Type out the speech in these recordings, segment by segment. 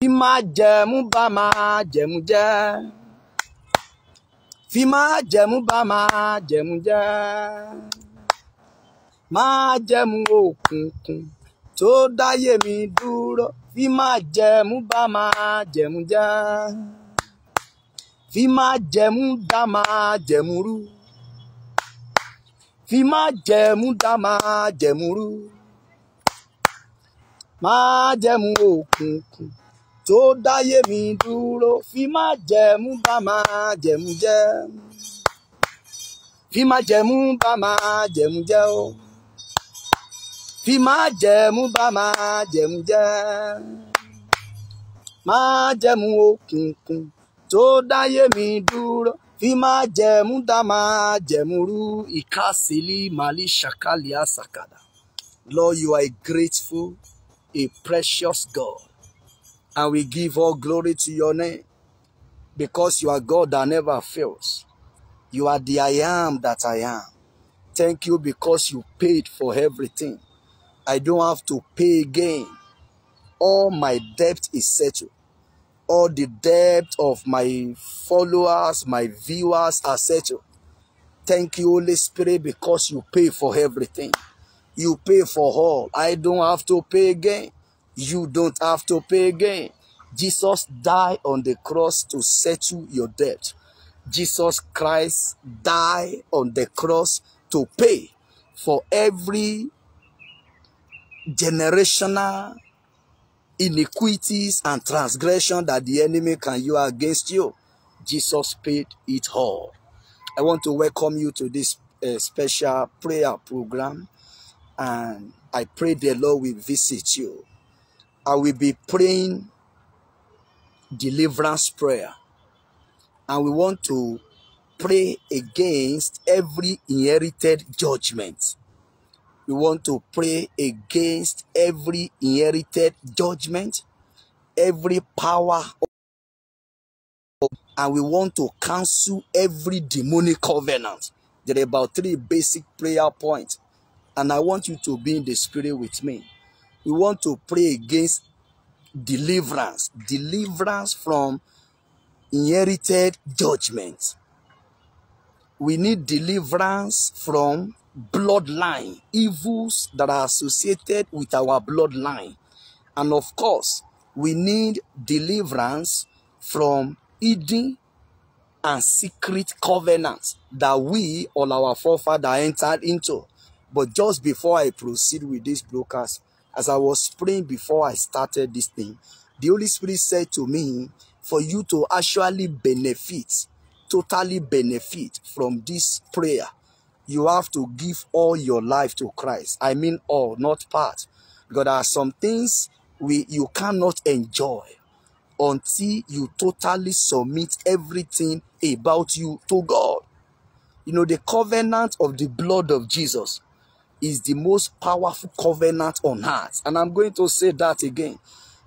fi májẹ̀mú bá májẹ̀mú jẹ́ fi májẹ̀mú bá májẹ̀mú jẹ́ májẹ̀mú òkùnkùn tó dáyé mi dúró fi májẹ̀mú bá májẹ̀mú jẹ́ fi májẹ̀mú dá májẹ̀mú rú fi májẹ̀mú dá májẹ̀mú rú májẹ̀mú òkùnkùn tó dáyé mi dúró fi má jẹ̀mú bá máa jẹ̀mú jẹ́ fi má jẹ̀mú bá máa jẹ̀mú jẹ́ o fi má jẹ̀mú bá máa jẹ̀mú jẹ́ má jẹ̀mú òkùnkùn tó dáyé mi dúró fi má jẹ̀mú dá máa jẹ̀mú rú ìkásílì màlí àṣàkàdà Lord, you are a grateful, a precious God. And we give all glory to your name because you are God that never fails. You are the I am that I am. Thank you because you paid for everything. I don't have to pay again. All my debt is settled. All the debt of my followers, my viewers are settled. Thank you, Holy Spirit, because you pay for everything. You pay for all. I don't have to pay again you don't have to pay again. Jesus died on the cross to settle your debt. Jesus Christ died on the cross to pay for every generational iniquities and transgression that the enemy can use against you. Jesus paid it all. I want to welcome you to this uh, special prayer program and I pray the Lord will visit you. I will be praying deliverance prayer. And we want to pray against every inherited judgment. We want to pray against every inherited judgment, every power. And we want to cancel every demonic covenant. There are about three basic prayer points. And I want you to be in the spirit with me. We want to pray against deliverance, deliverance from inherited judgment. We need deliverance from bloodline, evils that are associated with our bloodline. And of course, we need deliverance from hidden and secret covenants that we or our forefathers entered into. But just before I proceed with this broadcast, as I was praying before I started this thing, the Holy Spirit said to me, for you to actually benefit, totally benefit from this prayer, you have to give all your life to Christ. I mean all, not part. Because there are some things we you cannot enjoy until you totally submit everything about you to God. You know, the covenant of the blood of Jesus is the most powerful covenant on earth. And I'm going to say that again.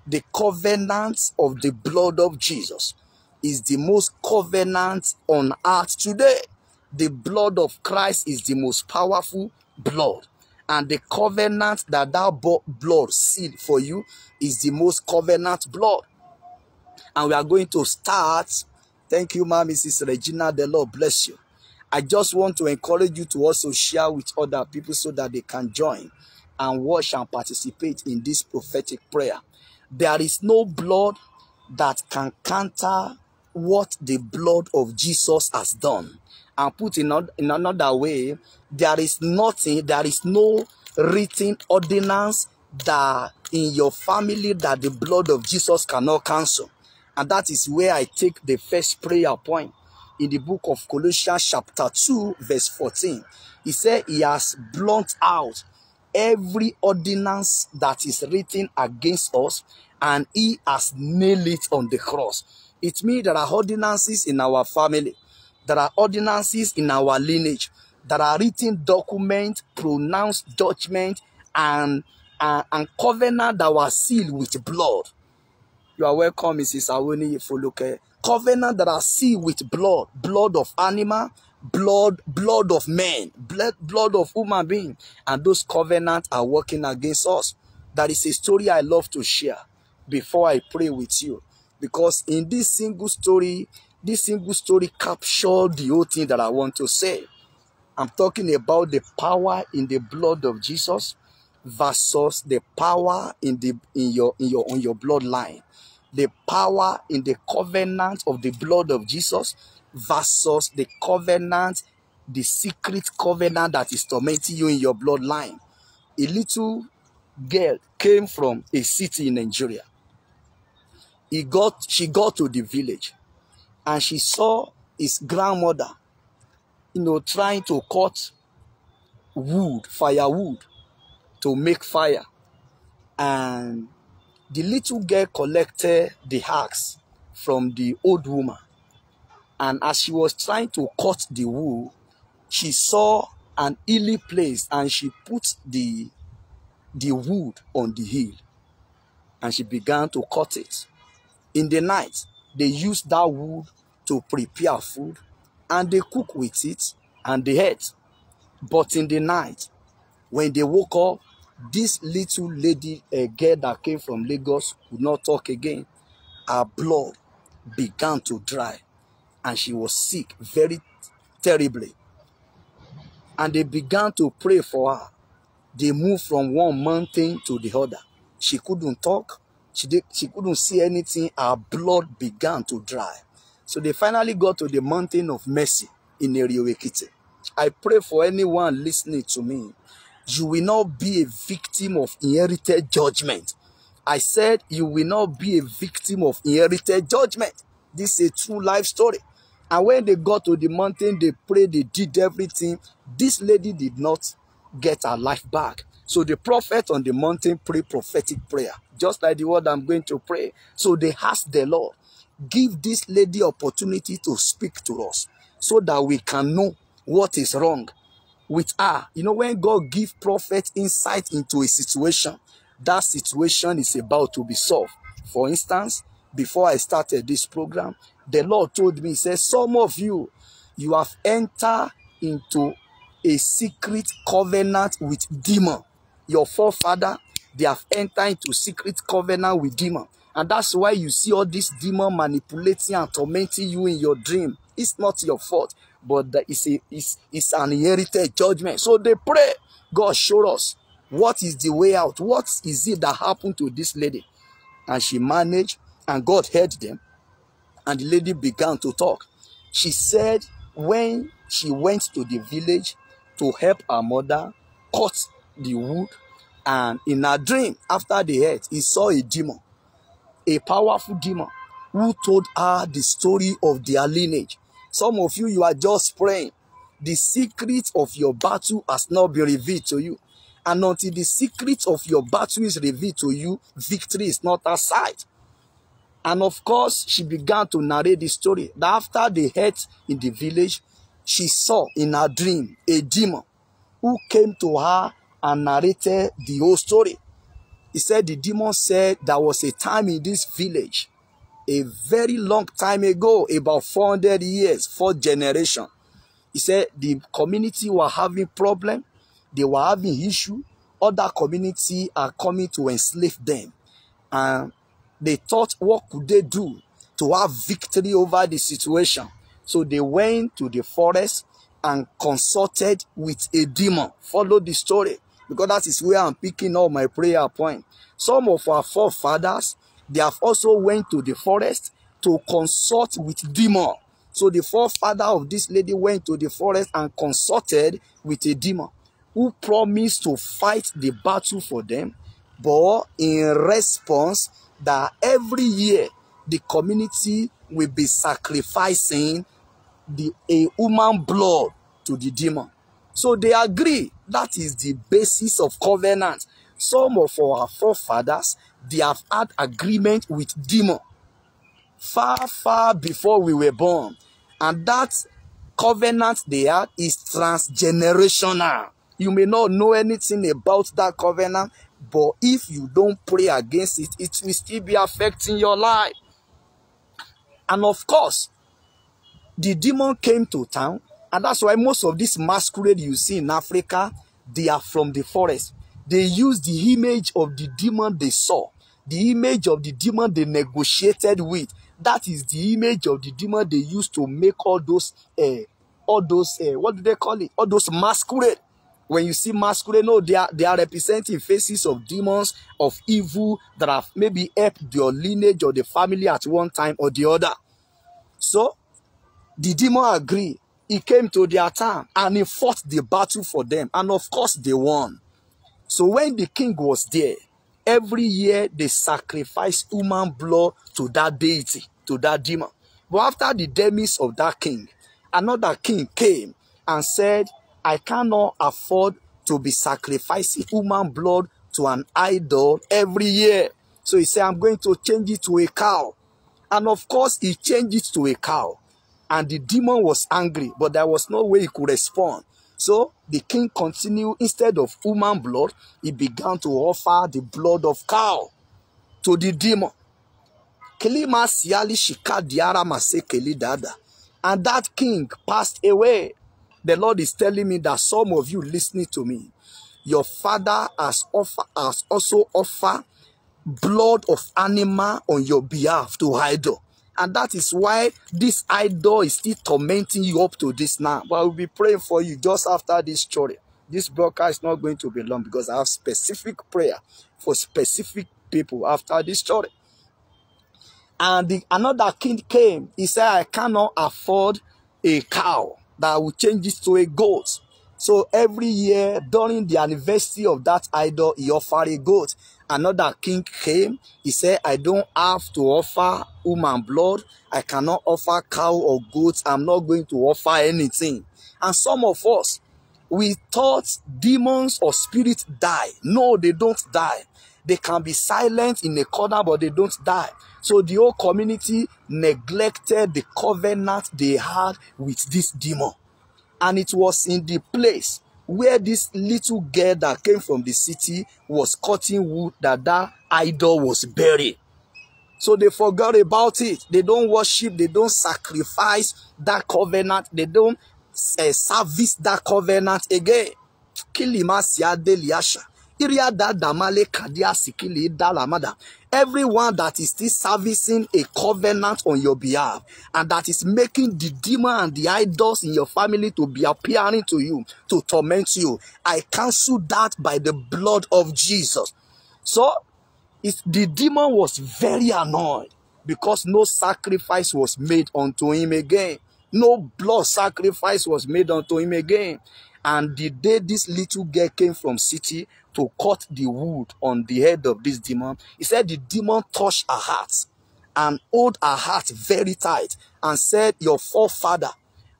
The covenant of the blood of Jesus is the most covenant on earth today. The blood of Christ is the most powerful blood. And the covenant that that blood sealed for you is the most covenant blood. And we are going to start. Thank you, ma, Mrs. Regina. The Lord bless you. I just want to encourage you to also share with other people so that they can join and watch and participate in this prophetic prayer. There is no blood that can counter what the blood of Jesus has done. And put in, in another way, there is nothing, there is no written ordinance that in your family that the blood of Jesus cannot cancel. And that is where I take the first prayer point. in the book of Colossians chapter 2 verse 14. He said he has blunt out every ordinance that is written against us and he has nailed it on the cross. It means there are ordinances in our family. There are ordinances in our lineage. There are written documents, pronounced judgment, and, uh, and covenant that were sealed with blood. You are welcome, Mrs. Awoni Foluke. covenant that are sealed with blood, blood of animal, blood, blood of men, blood, blood of human being. And those covenants are working against us. That is a story I love to share before I pray with you. Because in this single story, this single story captured the whole thing that I want to say. I'm talking about the power in the blood of Jesus versus the power in the in your in your on your bloodline the power in the covenant of the blood of Jesus versus the covenant, the secret covenant that is tormenting you in your bloodline. A little girl came from a city in Nigeria. He got, she got to the village and she saw his grandmother, you know, trying to cut wood, firewood, to make fire. And the little girl collected the axe from the old woman. And as she was trying to cut the wool, she saw an hilly place and she put the, the wood on the hill and she began to cut it. In the night, they used that wood to prepare food and they cook with it and they ate. But in the night, when they woke up, this little lady, a girl that came from Lagos, could not talk again. Her blood began to dry and she was sick very terribly. And they began to pray for her. They moved from one mountain to the other. She couldn't talk. She, did, she couldn't see anything. Her blood began to dry. So they finally got to the mountain of mercy in Eriowekite. I pray for anyone listening to me you will not be a victim of inherited judgment. I said you will not be a victim of inherited judgment. This is a true life story. And when they got to the mountain, they prayed, they did everything. This lady did not get her life back. So the prophet on the mountain prayed prophetic prayer, just like the word I'm going to pray. So they asked the Lord, give this lady opportunity to speak to us so that we can know what is wrong with her. You know, when God gives prophet insight into a situation, that situation is about to be solved. For instance, before I started this program, the Lord told me, He said, Some of you, you have entered into a secret covenant with demon. Your forefather, they have entered into secret covenant with demon. And that's why you see all this demon manipulating and tormenting you in your dream. It's not your fault. but that is a is is an inherited judgment. So they pray, God show us what is the way out. What is it that happened to this lady? And she managed, and God heard them, and the lady began to talk. She said when she went to the village to help her mother cut the wood, and in her dream after the earth, he saw a demon, a powerful demon, who told her the story of their lineage Some of you, you are just praying. The secret of your battle has not been revealed to you. And until the secret of your battle is revealed to you, victory is not at sight. And of course, she began to narrate the story that after the hurt in the village, she saw in her dream a demon who came to her and narrated the whole story. He said the demon said there was a time in this village a very long time ago, about 400 years, four generation. He said the community were having problem, they were having issue. Other community are coming to enslave them. And they thought, what could they do to have victory over the situation? So they went to the forest and consulted with a demon. Follow the story because that is where I'm picking up my prayer point. Some of our forefathers, They have also went to the forest to consult with demon. So the forefather of this lady went to the forest and consulted with a demon who promised to fight the battle for them. But in response, that every year the community will be sacrificing the a human blood to the demon. So they agree that is the basis of covenant Some of our forefathers, they have had agreement with demon far, far before we were born. And that covenant they had is transgenerational. You may not know anything about that covenant, but if you don't pray against it, it will still be affecting your life. And of course, the demon came to town, and that's why most of this masquerade you see in Africa, they are from the forest. They used the image of the demon they saw, the image of the demon they negotiated with. That is the image of the demon they used to make all those, uh, all those, uh, what do they call it? All those masquerade. When you see masquerade, no, they are, they are representing faces of demons, of evil that have maybe helped your lineage or the family at one time or the other. So the demon agreed. He came to their town and he fought the battle for them. And of course, they won. So when the king was there, every year they sacrificed human blood to that deity, to that demon. But after the demise of that king, another king came and said, I cannot afford to be sacrificing human blood to an idol every year. So he said, I'm going to change it to a cow. And of course, he changed it to a cow. And the demon was angry, but there was no way he could respond. So the king continued, instead of human blood, he began to offer the blood of cow to the demon. And that king passed away. The Lord is telling me that some of you listening to me, your father has, offer, has also offered blood of animal on your behalf to idol. And that is why this idol is still tormenting you up to this now. But I will be praying for you just after this story. This broadcast is not going to be long because I have specific prayer for specific people after this story. And the, another king came. He said, I cannot afford a cow that will change this to a goat. So every year during the anniversary of that idol, he offered a goat another king came. He said, I don't have to offer human blood. I cannot offer cow or goats. I'm not going to offer anything. And some of us, we thought demons or spirits die. No, they don't die. They can be silent in a corner, but they don't die. So the whole community neglected the covenant they had with this demon. And it was in the place where this little girl that came from the city was cutting wood that that idol was buried. So they forgot about it. They don't worship. They don't sacrifice that covenant. They don't uh, service that covenant again. Kilimasi adeliasha. Iria da damale kadia sikili da lamada everyone that is still servicing a covenant on your behalf and that is making the demon and the idols in your family to be appearing to you to torment you i cancel that by the blood of jesus so it, the demon was very annoyed because no sacrifice was made unto him again no blood sacrifice was made unto him again And the day this little girl came from city to cut the wood on the head of this demon, he said the demon touched her heart and hold her heart very tight and said, your forefather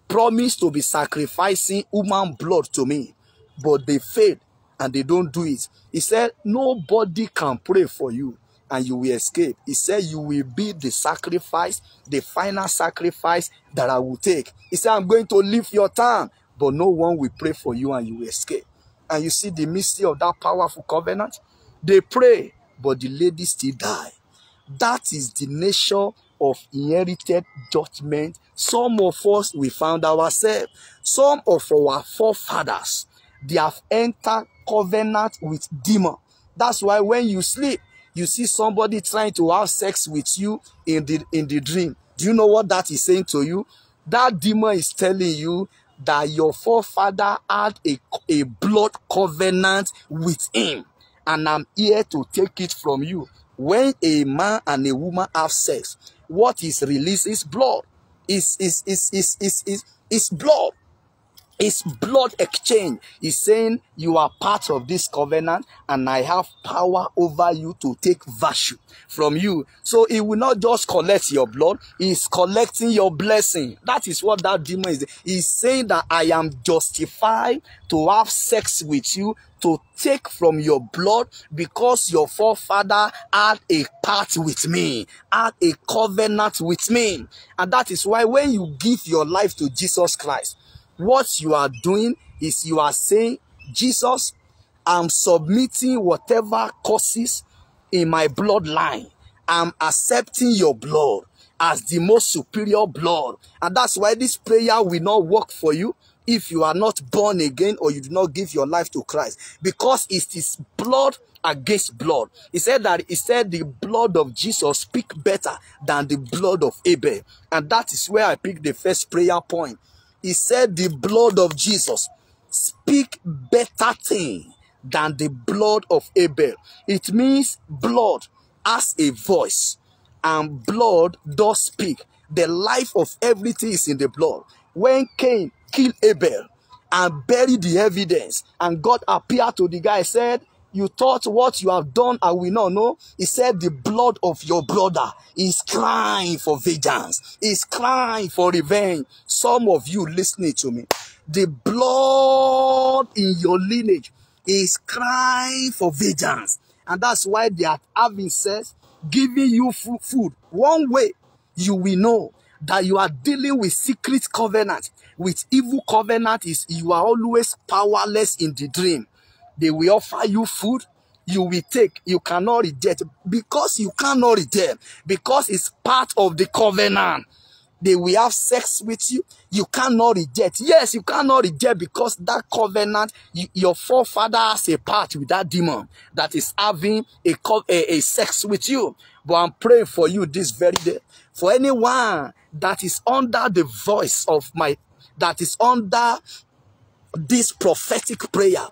promised to be sacrificing human blood to me, but they failed and they don't do it. He said, nobody can pray for you and you will escape. He said, You will be the sacrifice, the final sacrifice that I will take. He said, I'm going to leave your town. but no one will pray for you and you will escape. And you see the mystery of that powerful covenant? They pray, but the lady still die. That is the nature of inherited judgment. Some of us, we found ourselves. Some of our forefathers, they have entered covenant with demon. That's why when you sleep, you see somebody trying to have sex with you in the, in the dream. Do you know what that is saying to you? That demon is telling you that your forefather had a, a blood covenant with him, and I'm here to take it from you. When a man and a woman have sex, what is released is blood. Is is is is is is blood. It's blood exchange. He's saying, You are part of this covenant, and I have power over you to take virtue from you. So he will not just collect your blood, he's collecting your blessing. That is what that demon is. He's saying that I am justified to have sex with you, to take from your blood because your forefather had a part with me, had a covenant with me. And that is why when you give your life to Jesus Christ, What you are doing is you are saying, Jesus, I'm submitting whatever causes in my bloodline. I'm accepting your blood as the most superior blood. And that's why this prayer will not work for you if you are not born again or you do not give your life to Christ. Because it is blood against blood. He said that he said the blood of Jesus speak better than the blood of Abel. And that is where I pick the first prayer point. He said, The blood of Jesus speak better thing than the blood of Abel. It means blood has a voice, and blood does speak. The life of everything is in the blood. When Cain killed Abel and buried the evidence, and God appeared to the guy said, you thought what you have done I will not know. He said the blood of your brother is crying for vengeance, is crying for revenge. Some of you listening to me, the blood in your lineage is crying for vengeance. And that's why they are having sex, giving you food. One way you will know that you are dealing with secret covenant, with evil covenant is you are always powerless in the dream. They will offer you food. You will take. You cannot reject. Because you cannot reject. Because it's part of the covenant. They will have sex with you. You cannot reject. Yes, you cannot reject because that covenant, you, your forefather has a part with that demon that is having a, a, a sex with you. But I'm praying for you this very day. For anyone that is under the voice of my, that is under this prophetic prayer,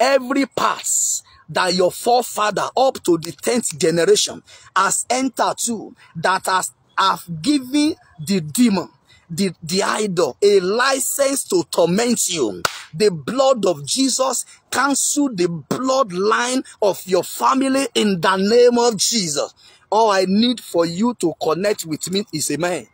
every pass that your forefather up to the 10th generation has entered to that has have given the demon the, the idol a license to torment you. The blood of Jesus cancel the bloodline of your family in the name of Jesus. All I need for you to connect with me is Amen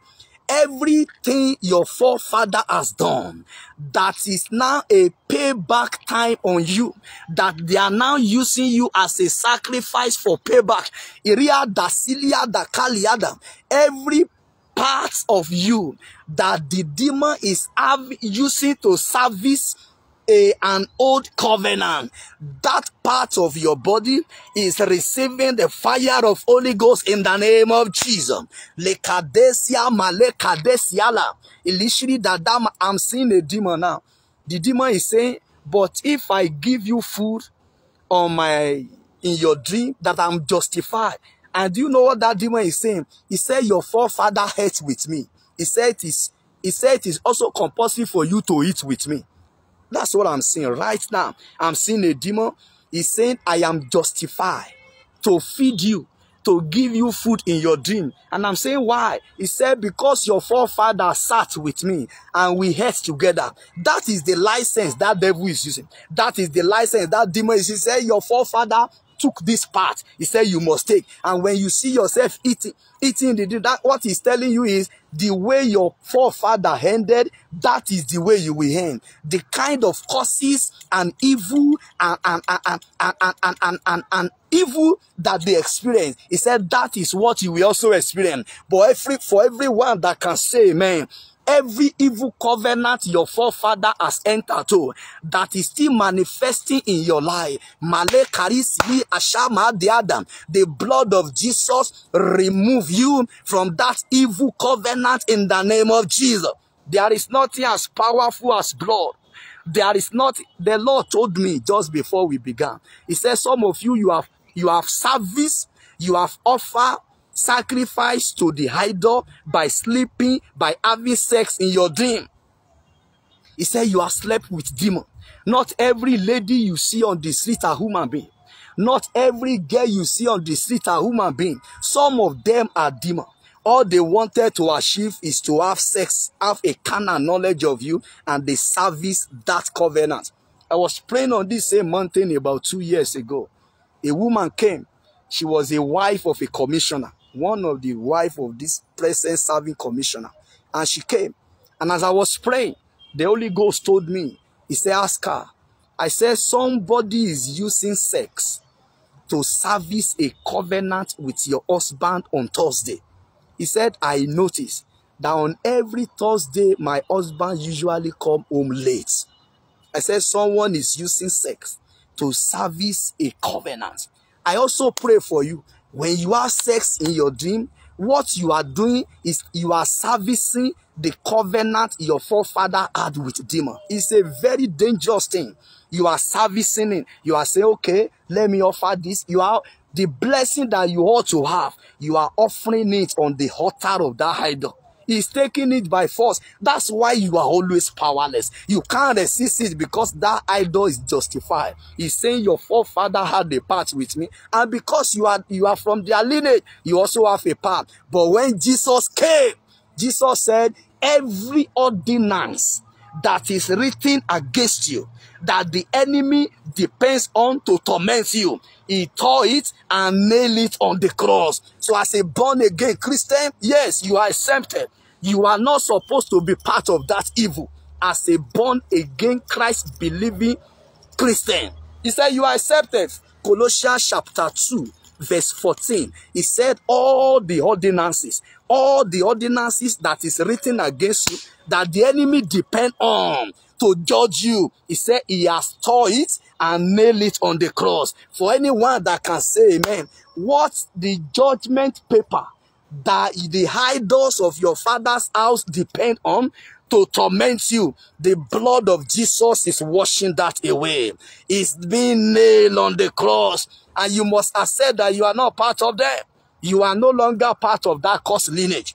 everything your forefather has done that is now a payback time on you that they are now using you as a sacrifice for payback Iria, iriada siliada kaliada every part of you that the demon is using to service a, an old covenant. That part of your body is receiving the fire of Holy Ghost in the name of Jesus. Le Lekadesia malekadesiala. Literally, that I'm seeing a demon now. The demon is saying, but if I give you food on my in your dream, that I'm justified. And do you know what that demon is saying? He said, Your forefather hates with me. He said it is he said it is also compulsory for you to eat with me. That's what I'm seeing right now. I'm seeing a demon. He's saying, I am justified to feed you, to give you food in your dream. And I'm saying, why? He said, because your forefather sat with me and we ate together. That is the license that devil is using. That is the license that demon is. He said, your forefather took this part, he said you must take and when you see yourself eating eating the that what he's telling you is the way your forefather ended that is the way you will end the kind of curses and evil and and and and and, and, and, and evil that they experience he said that is what you will also experience but every for everyone that can say amen every evil covenant your forefather has entered to that is still manifesting in your life. Male Karisli Ashama the Adam, the blood of Jesus remove you from that evil covenant in the name of Jesus. There is nothing as powerful as blood. There is not, the Lord told me just before we began. He said, some of you, you have, you have service, you have offer sacrifice to the idol by sleeping, by having sex in your dream. He said you have slept with demon. Not every lady you see on the street are human being. Not every girl you see on the street are human being. Some of them are demon. All they wanted to achieve is to have sex, have a carnal knowledge of you, and they service that covenant. I was praying on this same mountain about two years ago. A woman came. She was a wife of a commissioner. one of the wife of this present serving commissioner. And she came. And as I was praying, the Holy Ghost told me, he said, ask her. I said, somebody is using sex to service a covenant with your husband on Thursday. He said, I noticed that on every Thursday, my husband usually come home late. I said, someone is using sex to service a covenant. I also pray for you When you have sex in your dream, what you are doing is you are servicing the covenant your forefather had with demon. It's a very dangerous thing. You are servicing it. You are saying, okay, let me offer this. You are the blessing that you ought to have. You are offering it on the altar of that idol. He's taking it by force. That's why you are always powerless. You can't resist it because that idol is justified. He's saying your forefather had a part with me. And because you are, you are from their lineage, you also have a part. But when Jesus came, Jesus said, every ordinance that is written against you, that the enemy depends on to torment you. He tore it and nailed it on the cross. So as a born again Christian, yes, you are exempted. You are not supposed to be part of that evil. As a born again Christ believing Christian. He said you are accepted. Colossians chapter two verse 14, he said, All the ordinances, all the ordinances that is written against you, that the enemy depend on to judge you. He said, He has tore it and nailed it on the cross. For anyone that can say amen, what the judgment paper that the high doors of your father's house depend on to torment you, the blood of Jesus is washing that away. It's being nailed on the cross and you must accept that you are not part of them. You are no longer part of that cursed lineage.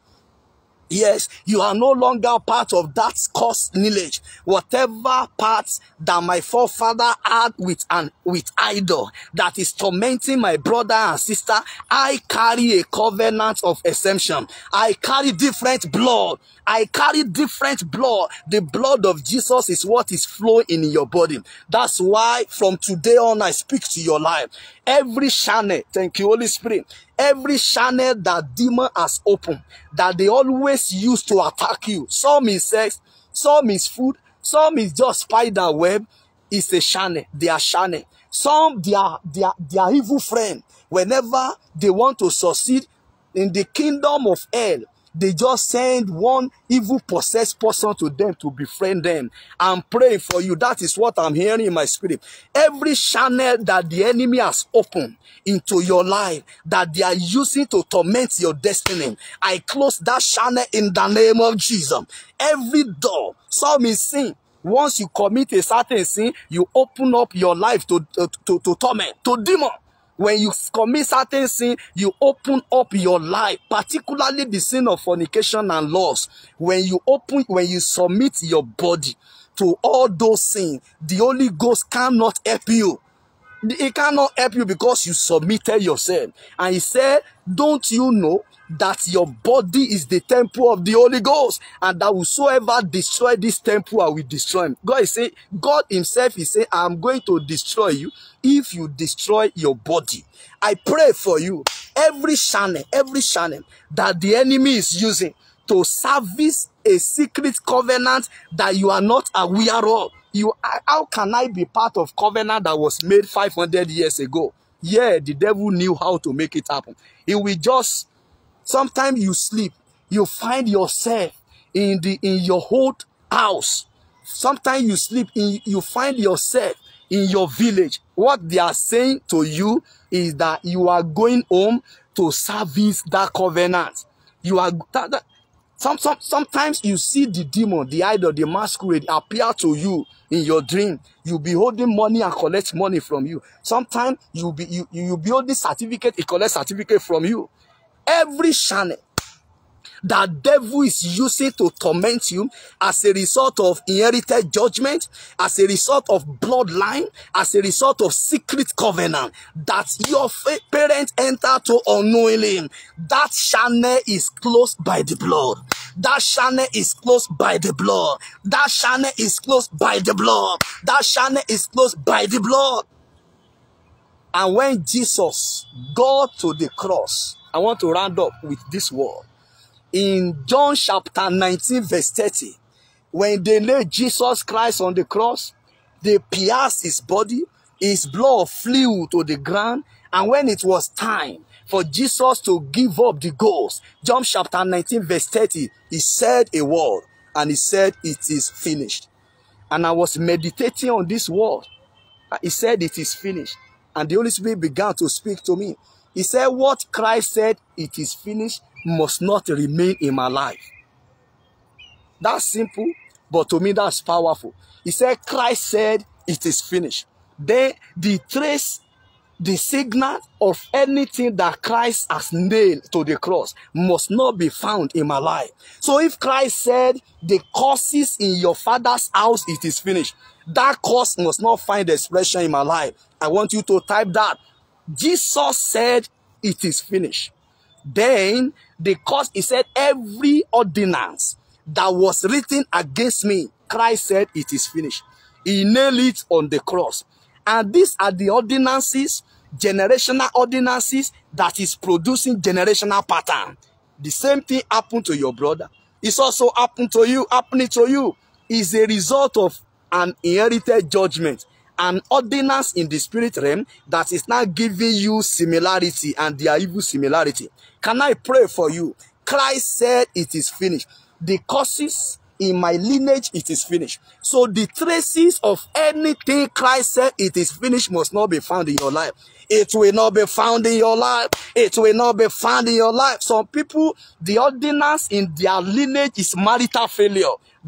Yes, you are no longer part of that cursed lineage. Whatever part that my forefather had with an with idol that is tormenting my brother and sister, I carry a covenant of exemption. I carry different blood I carry different blood. The blood of Jesus is what is flowing in your body. That's why from today on, I speak to your life. Every channel, thank you, Holy Spirit. Every channel that demon has opened, that they always use to attack you. Some is sex, some is food, some is just spider web. It's a channel. They are channel. Some, they are, they are, they are evil friends. Whenever they want to succeed in the kingdom of hell, they just send one evil possessed person to them to befriend them. and pray for you. That is what I'm hearing in my spirit. Every channel that the enemy has opened into your life that they are using to torment your destiny, I close that channel in the name of Jesus. Every door, some is sin, once you commit a certain sin, you open up your life to, to, to, to torment, to demon when you commit certain sin, you open up your life, particularly the sin of fornication and lust. When you open, when you submit your body to all those sins, the Holy Ghost cannot help you. He cannot help you because you submitted yourself. And he said, Don't you know that your body is the temple of the Holy Ghost, and that whosoever destroy this temple, I will destroy him. God is saying, God Himself is saying, I'm going to destroy you if you destroy your body. I pray for you, every channel, every channel that the enemy is using to service a secret covenant that you are not aware of. You, how can I be part of covenant that was made 500 years ago? Yeah, the devil knew how to make it happen. He will just Sometimes you sleep, you find yourself in the in your old house. Sometimes you sleep, in, you find yourself in your village. What they are saying to you is that you are going home to service that covenant. You are that, that, some, some, sometimes you see the demon, the idol, the masquerade appear to you in your dream. You be holding money and collect money from you. Sometimes you be you, you be holding certificate, it collect certificate from you every channel that devil is using to torment you as a result of inherited judgment, as a result of bloodline, as a result of secret covenant that your parents enter to unknowingly. That channel is closed by the blood. That channel is closed by the blood. That channel is closed by the blood. That channel is closed by the blood. And when Jesus got to the cross, I want to round up with this word. In John chapter 19, verse 30, when they laid Jesus Christ on the cross, they pierced his body, his blood flew to the ground, and when it was time for Jesus to give up the ghost, John chapter 19, verse 30, he said a word, and he said, It is finished. And I was meditating on this word. He said, It is finished. And the Holy Spirit began to speak to me. He said, What Christ said, it is finished, must not remain in my life. That's simple, but to me, that's powerful. He said, Christ said, It is finished. Then the trace, the signal of anything that Christ has nailed to the cross must not be found in my life. So if Christ said, The curses in your father's house, it is finished, that curse must not find expression in my life. I want you to type that Jesus said, It is finished. Then, because he said, Every ordinance that was written against me, Christ said, It is finished. He nailed it on the cross. And these are the ordinances, generational ordinances, that is producing generational pattern. The same thing happened to your brother. It's also happened to you, happening to you. Is a result of an inherited judgment an ordinance in the spirit realm that is now giving you similarity and their evil similarity. Can I pray for you? Christ said it is finished. The causes in my lineage it is finished. So the traces of anything Christ said it is finished must not be found in your life. It will not be found in your life. It will not be found in your life. Some people, the ordinance in their lineage is marital failure.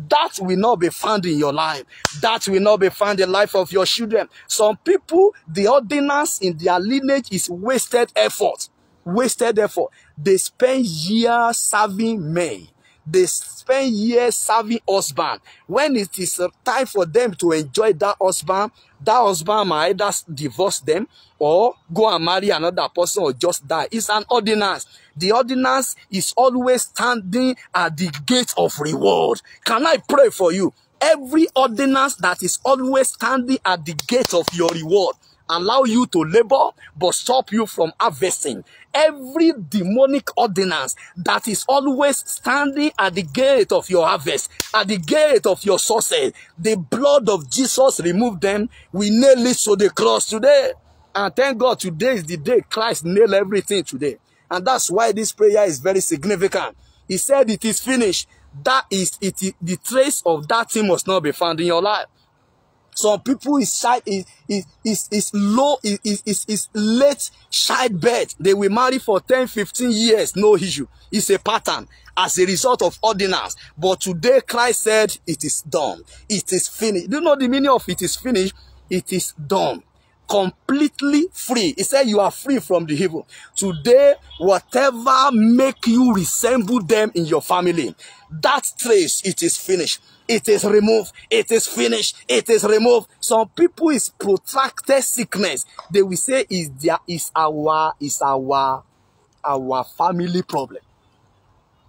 That will not be found in your life. That will not be found in the life of your children. Some people, the ordinance in their lineage is wasted effort. Wasted effort. They spend years serving men they spend years serving husband. When it is time for them to enjoy that husband, that husband might either divorce them or go and marry another person or just die. It's an ordinance. The ordinance is always standing at the gate of reward. Can I pray for you? Every ordinance that is always standing at the gate of your reward allow you to labor but stop you from harvesting every demonic ordinance that is always standing at the gate of your harvest, at the gate of your sources, the blood of Jesus remove them. We nail it to the cross today. And thank God today is the day Christ nailed everything today. And that's why this prayer is very significant. He said it is finished. That is, it, the trace of that thing must not be found in your life. some people is child is is is, is low is, is is is late childbirth they will marry for ten, fifteen years no issue it's a pattern as a result of ordinance but today christ said it is done it is finished do you know the meaning of it is finished it is done completely free. He said, You are free from the evil. Today, whatever make you resemble them in your family, that trace, it is finished. It is removed. It is finished. It is removed. Some people is protracted sickness. They will say is there is our is our our family problem.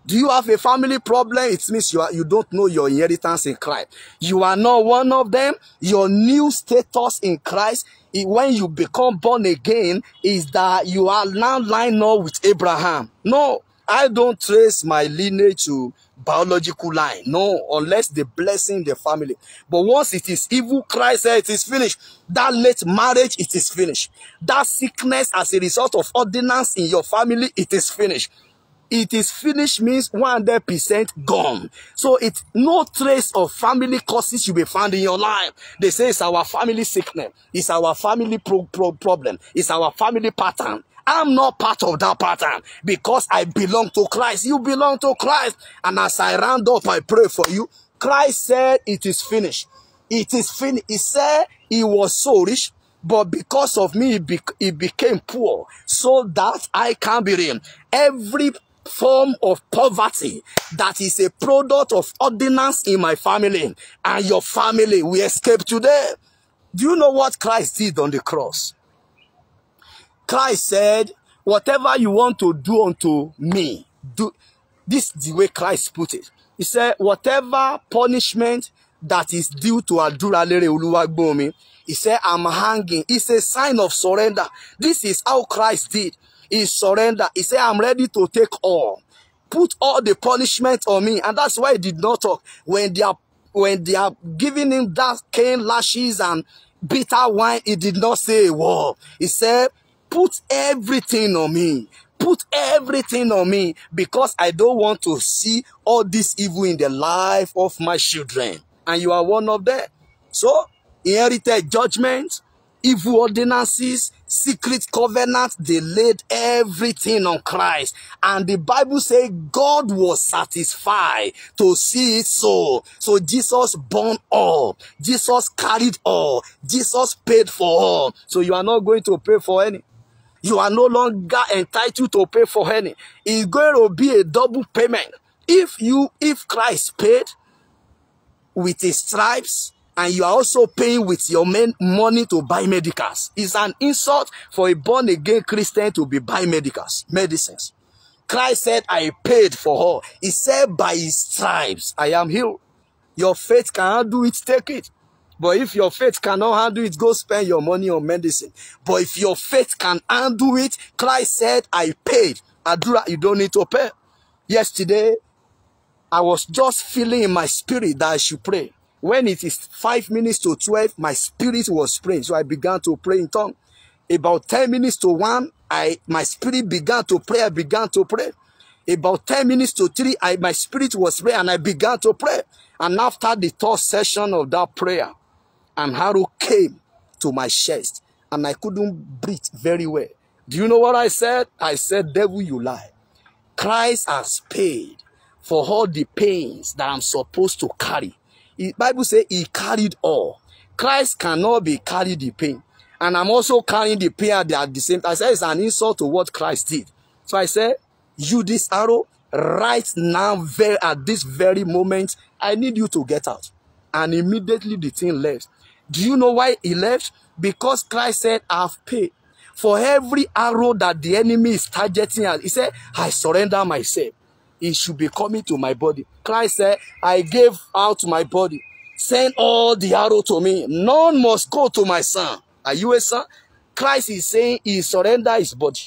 Do you have a family problem? It means you, are, you don't know your inheritance in Christ. You are not one of them. Your new status in Christ, when you become born again, is that you are now lined up with Abraham. No, I don't trace my lineage to biological line. No, unless they blessing the family. But once it is evil, Christ said it is finished. That late marriage, it is finished. That sickness as a result of ordinance in your family, it is finished. It is finished means 100% gone. So it's no trace of family causes you will be found in your life. They say it's our family sickness. It's our family pro pro problem. It's our family pattern. I'm not part of that pattern because I belong to Christ. You belong to Christ. And as I round up, I pray for you. Christ said, It is finished. It is finished. He said, He was so rich, but because of me, He, be he became poor so that I can be real. Every form of poverty that is a product of ordinance in my family and your family We escape today. Do you know what Christ did on the cross? Christ said, whatever you want to do unto me, do this is the way Christ put it. He said, whatever punishment that is due to Adura Aduralere Oluwagbomi, he said, I'm hanging. It's a sign of surrender. This is how Christ did. He surrendered. He said, I'm ready to take all. Put all the punishment on me. And that's why he did not talk. When they are when they are giving him that cane lashes and bitter wine, he did not say a word. He said, Put everything on me. Put everything on me because I don't want to see all this evil in the life of my children. And you are one of them. So, inherited judgment, evil ordinances, secret covenants, they laid everything on Christ. And the Bible says God was satisfied to see it so. So Jesus born all. Jesus carried all. Jesus paid for all. So you are not going to pay for any you are no longer entitled to pay for any. It's going to be a double payment. If you, if Christ paid with his stripes, and you are also paying with your main money to buy medicals. It's an insult for a born again Christian to be buying medicals, medicines. Christ said, I paid for her. He said, by his stripes, I am healed. Your faith cannot do it, take it. But if your faith cannot handle it, go spend your money on medicine. But if your faith can handle it, Christ said, I paid. Adura, you don't need to pay. Yesterday, I was just feeling in my spirit that I should pray. When it is 5 minutes to 12, my spirit was praying. So I began to pray in tongue. About 10 minutes to 1, I, my spirit began to pray. I began to pray. About 10 minutes to 3, I, my spirit was praying and I began to pray. And after the third session of that prayer, An arrow came to my chest and I couldn't breathe very well. Do you know what I said? I said, Devil, you lie. Christ has paid for all the pains that I'm supposed to carry. The Bible says he carried all. Christ cannot be carried the pain. And I'm also carrying the pain at the, same time. I say it's an insult to what Christ did. So I say, you this arrow, right now, very, at this very moment, I need you to get out. And immediately the thing left. Do you know why he left? Because Christ said, I have paid. For every arrow that the enemy is targeting he said, I surrender myself. It should be coming to my body. Christ said, I gave out my body. Send all the arrow to me. None must go to my son. Are you a son? Christ is saying he surrender his body.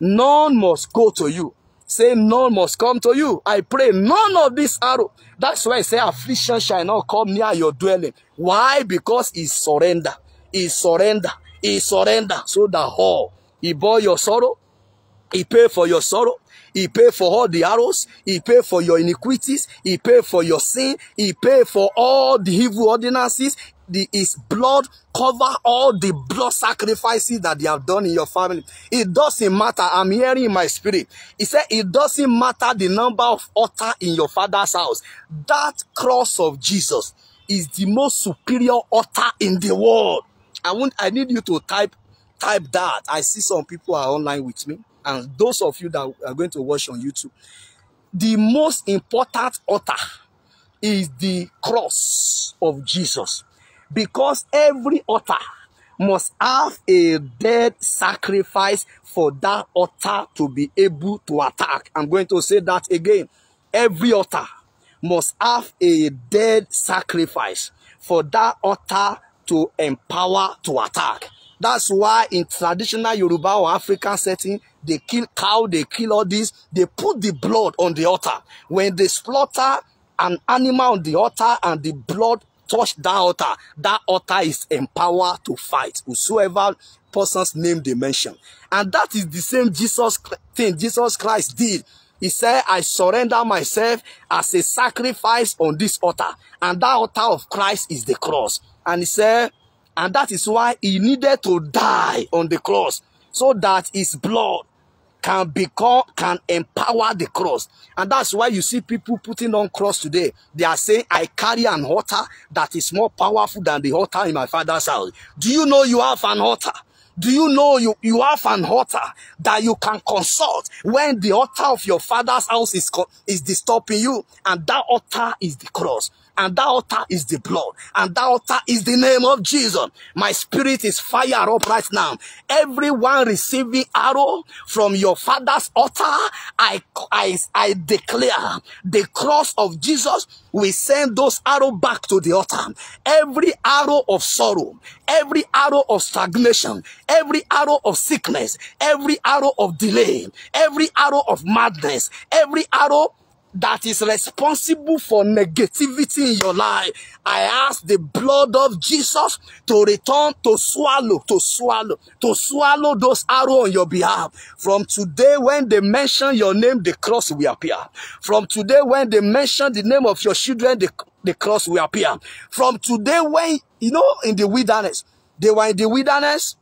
None must go to you. Say none must come to you. I pray none of this arrow. That's why I say affliction shall not come near your dwelling. Why? Because he surrender. He surrender. He surrender. So that all. He bore your sorrow. He pay for your sorrow. He pay for all the arrows. He pay for your iniquities. He pay for your sin. He pay for all the evil ordinances the, his blood cover all the blood sacrifices that they have done in your family. It doesn't matter. I'm hearing in my spirit. He said, it doesn't matter the number of altar in your father's house. That cross of Jesus is the most superior altar in the world. I want, I need you to type, type that. I see some people are online with me. And those of you that are going to watch on YouTube, the most important altar is the cross of Jesus because every altar must have a dead sacrifice for that altar to be able to attack. I'm going to say that again. Every altar must have a dead sacrifice for that altar to empower to attack. That's why in traditional Yoruba or African setting, they kill cow, they kill all this, they put the blood on the altar. When they slaughter an animal on the altar and the blood touch that altar, that altar is empowered to fight. Whosoever person's name they mention. And that is the same Jesus thing Jesus Christ did. He said, I surrender myself as a sacrifice on this altar. And that altar of Christ is the cross. And he said, and that is why he needed to die on the cross so that his blood can become can empower the cross and that's why you see people putting on cross today they are saying i carry an altar that is more powerful than the altar in my father's house do you know you have an altar do you know you, you have an altar that you can consult when the altar of your father's house is, is disturbing you? And that altar is the cross. and that altar is the blood, and that altar is the name of Jesus. My spirit is fire up right now. Everyone receiving arrow from your father's altar, I, I, I declare the cross of Jesus we send those arrow back to the altar. Every arrow of sorrow, every arrow of stagnation, every arrow of sickness, every arrow of delay, every arrow of madness, every arrow that is responsible for negativity in your life. I ask the blood of Jesus to return, to swallow, to swallow, to swallow those arrows on your behalf. From today, when they mention your name, the cross will appear. From today, when they mention the name of your children, the, the cross will appear. From today, when, you know, in the wilderness, they were in the wilderness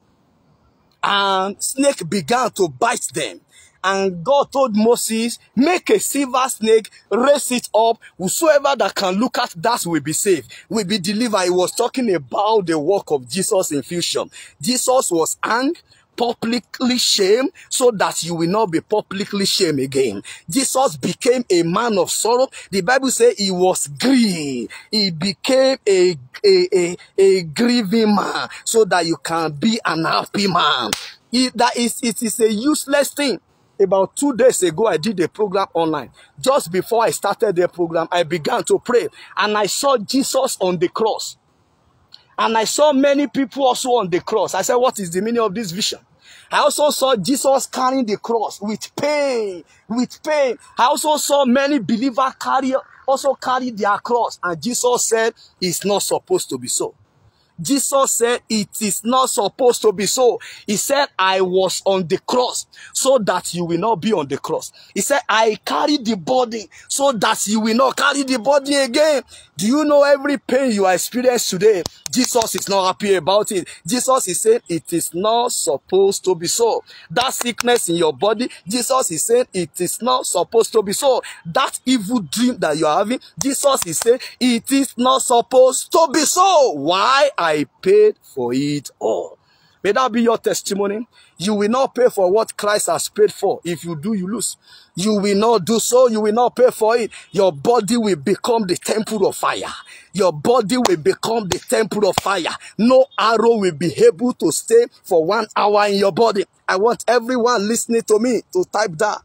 and snake began to bite them. And God told Moses, make a silver snake, raise it up. Whosoever that can look at that will be saved, will be delivered. He was talking about the work of Jesus in fusion. Jesus was hanged publicly shame so that you will not be publicly shame again. Jesus became a man of sorrow. The Bible says he was grieved. He became a, a, a, a grieving man so that you can be an happy man. It, that is, it is a useless thing about two days ago, I did a program online. Just before I started the program, I began to pray and I saw Jesus on the cross. And I saw many people also on the cross. I said, What is the meaning of this vision? I also saw Jesus carrying the cross with pain, with pain. I also saw many believers carry, also carry their cross. And Jesus said, It's not supposed to be so. Jesus said, It is not supposed to be so. He said, I was on the cross so that you will not be on the cross. He said, I carried the body so that you will not carry the body again. Do you know every pain you are experiencing today? Jesus is not happy about it. Jesus is saying, It is not supposed to be so. That sickness in your body, Jesus is saying, It is not supposed to be so. That evil dream that you are having, Jesus is saying, It is not supposed to be so. Why? I paid for it all. May that be your testimony. You will not pay for what Christ has paid for. If you do, you lose. You will not do so. You will not pay for it. Your body will become the temple of fire. Your body will become the temple of fire. No arrow will be able to stay for one hour in your body. I want everyone listening to me to type that.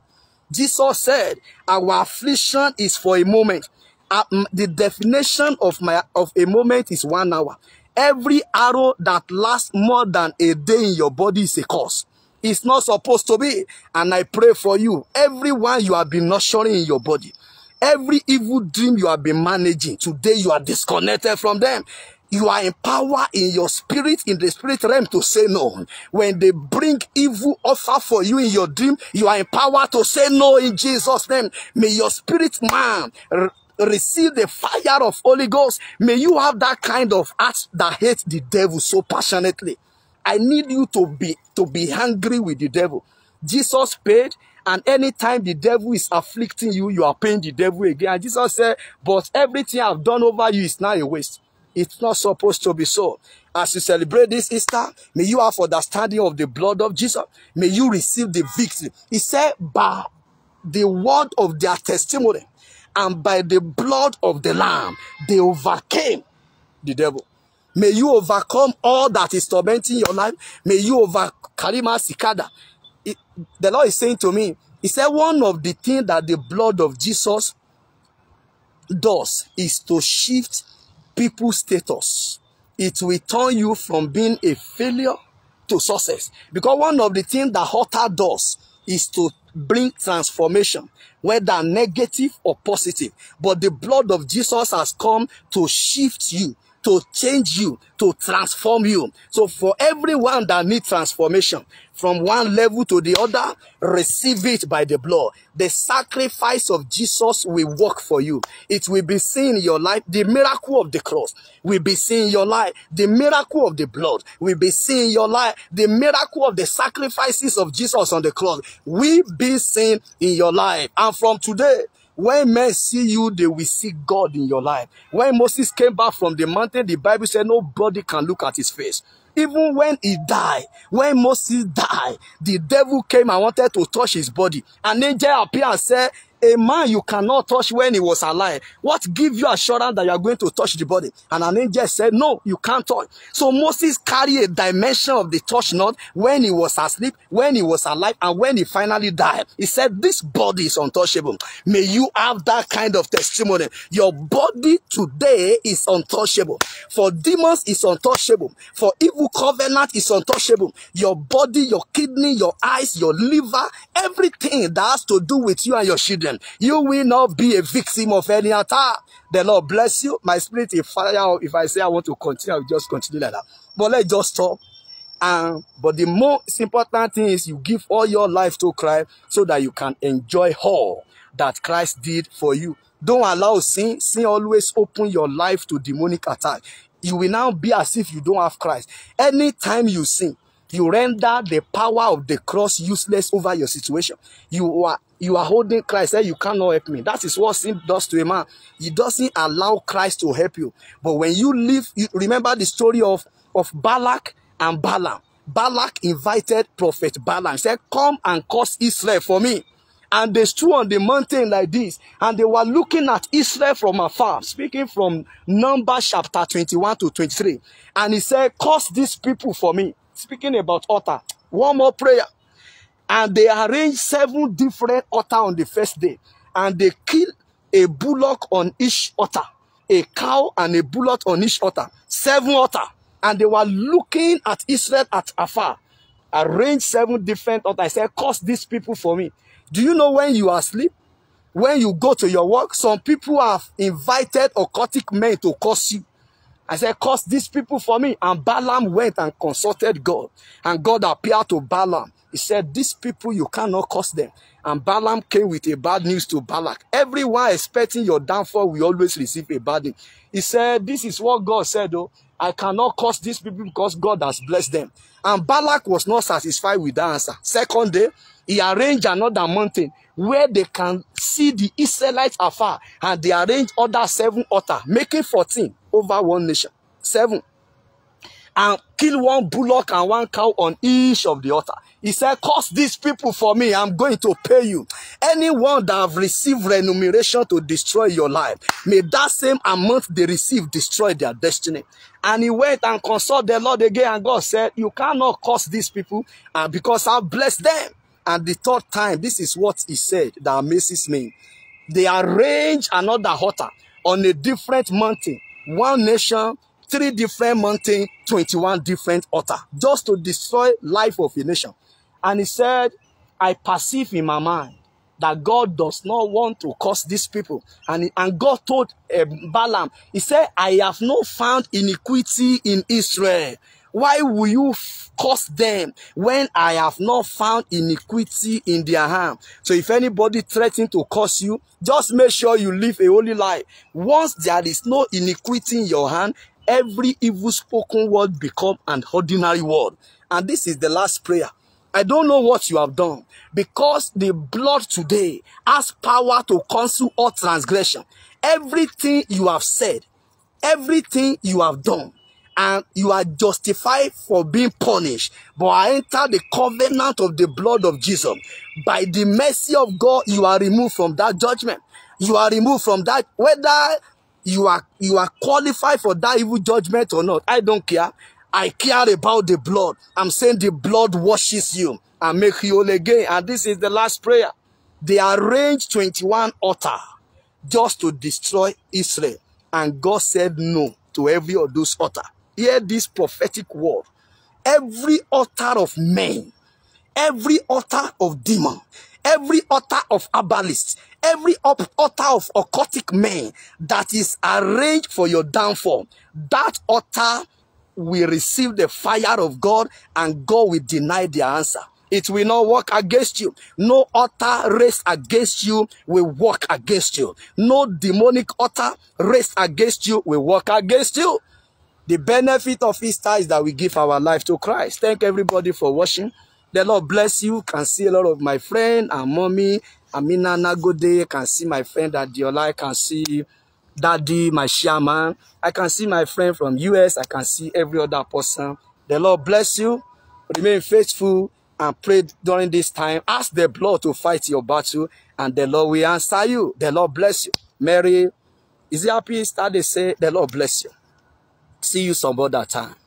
Jesus said, our affliction is for a moment. Uh, mm, the definition of my of a moment is one hour. Every arrow that lasts more than a day in your body is a curse. It's not supposed to be. And I pray for you. Everyone you have been nurturing in your body, every evil dream you have been managing, today you are disconnected from them. You are empowered in your spirit, in the spirit realm to say no. When they bring evil offer for you in your dream, you are empowered to say no in Jesus' name. May your spirit man receive the fire of Holy Ghost. May you have that kind of heart that hates the devil so passionately. I need you to be to be hungry with the devil. Jesus paid, and anytime the devil is afflicting you, you are paying the devil again. And Jesus said, But everything I've done over you is now a waste. It's not supposed to be so. As you celebrate this Easter, may you have understanding of the blood of Jesus. May you receive the victory. He said, by the word of their testimony, and by the blood of the Lamb, they overcame the devil. May you overcome all that is tormenting your life. May you over Karima Sikada. It, the Lord is saying to me, He said, one of the things that the blood of Jesus does is to shift people's status. It will turn you from being a failure to success. Because one of the things that Hotter does is to bring transformation whether negative or positive. But the blood of Jesus has come to shift you to change you, to transform you. So for everyone that need transformation from one level to the other, receive it by the blood. The sacrifice of Jesus will work for you. It will be seen in your life. The miracle of the cross will be seen in your life. The miracle of the blood will be seen in your life. The miracle of the sacrifices of Jesus on the cross will be seen in your life. And from today, When men see you, they will see God in your life. When Moses came back from the mountain, the Bible said nobody can look at his face. Even when he died, when Moses died, the devil came and wanted to touch his body. An angel appeared and said, a man you cannot touch when he was alive. What give you assurance that you are going to touch the body? And an angel said, no, you can't touch. So Moses carried a dimension of the touch not when he was asleep, when he was alive, and when he finally died. He said, this body is untouchable. May you have that kind of testimony. Your body today is untouchable. For demons is untouchable. For evil covenant is untouchable. Your body, your kidney, your eyes, your liver, everything that has to do with you and your children you will not be a victim of any attack. The Lord bless you. My spirit is fire. If I say I want to continue, I will just continue like that. But let's just stop. Um, but the most important thing is you give all your life to Christ so that you can enjoy all that Christ did for you. Don't allow sin. Sin always open your life to demonic attack. You will now be as if you don't have Christ. Anytime you sin, you render the power of the cross useless over your situation. You are you are holding Christ, say, You cannot help me. That is what sin does to a man. He doesn't allow Christ to help you. But when you leave, you remember the story of, of Balak and Balaam. Balak invited Prophet Balaam, said, Come and curse Israel for me. And they stood on the mountain like this, and they were looking at Israel from afar, speaking from Numbers chapter 21 to 23. And he said, Curse these people for me. Speaking about utter. One more prayer. And they arranged seven different otter on the first day. And they killed a bullock on each otter, a cow and a bullock on each otter, seven otter. And they were looking at Israel at afar. Arranged seven different otter. I said, curse these people for me. Do you know when you are asleep? When you go to your work, some people have invited occultic men to curse you. I said, curse these people for me. And Balaam went and consulted God. And God appeared to Balaam. He said, These people, you cannot curse them. And Balaam came with a bad news to Balak. Everyone expecting your downfall will always receive a bad news. He said, This is what God said, though. I cannot curse these people because God has blessed them. And Balak was not satisfied with the answer. Second day, he arranged another mountain where they can see the Israelites afar. And they arranged other seven altar, making 14 over one nation. Seven. And kill one bullock and one cow on each of the altar. He said, "Cause these people for me. I'm going to pay you. Anyone that have received remuneration to destroy your life, may that same amount they receive destroy their destiny. And he went and consulted the Lord again. And God said, you cannot curse these people uh, because I've bless them. And the third time, this is what he said that amazes me. They arrange another altar on a different mountain. One nation, three different mountains, 21 different altar, just to destroy life of a nation. And he said, I perceive in my mind that God does not want to curse these people. And, and God told uh, Balaam, he said, I have not found iniquity in Israel. Why will you curse them when I have not found iniquity in their hand? So if anybody threaten to curse you, just make sure you live a holy life. Once there is no iniquity in your hand, every evil spoken word become an ordinary word. And this is the last prayer. I don't know what you have done because the blood today has power to cancel all transgression. Everything you have said, everything you have done, and you are justified for being punished. But I enter the covenant of the blood of Jesus. By the mercy of God, you are removed from that judgment. You are removed from that, whether you are you are qualified for that evil judgment or not i don't care i care about the blood i'm saying the blood washes you and make you whole again and this is the last prayer they arranged 21 altar just to destroy israel and god said no to every of those altar hear this prophetic word every altar of men every altar of demon every altar of herbalist every utter of occultic men that is arranged for your downfall, that utter will receive the fire of God and God will deny the answer. It will not work against you. No utter race against you will work against you. No demonic utter race against you will work against you. The benefit of Easter is that we give our life to Christ. Thank everybody for watching. The Lord bless you. Can see a lot of my friend and mommy Amina Nagode, I can see my friend Adiola, I can see Daddy, my shaman. I can see my friend from US, I can see every other person. The Lord bless you. Remain faithful and pray during this time. Ask the Lord to fight your battle and the Lord will answer you. The Lord bless you. Mary, is it happy? Start to say, the Lord bless you. See you some other time.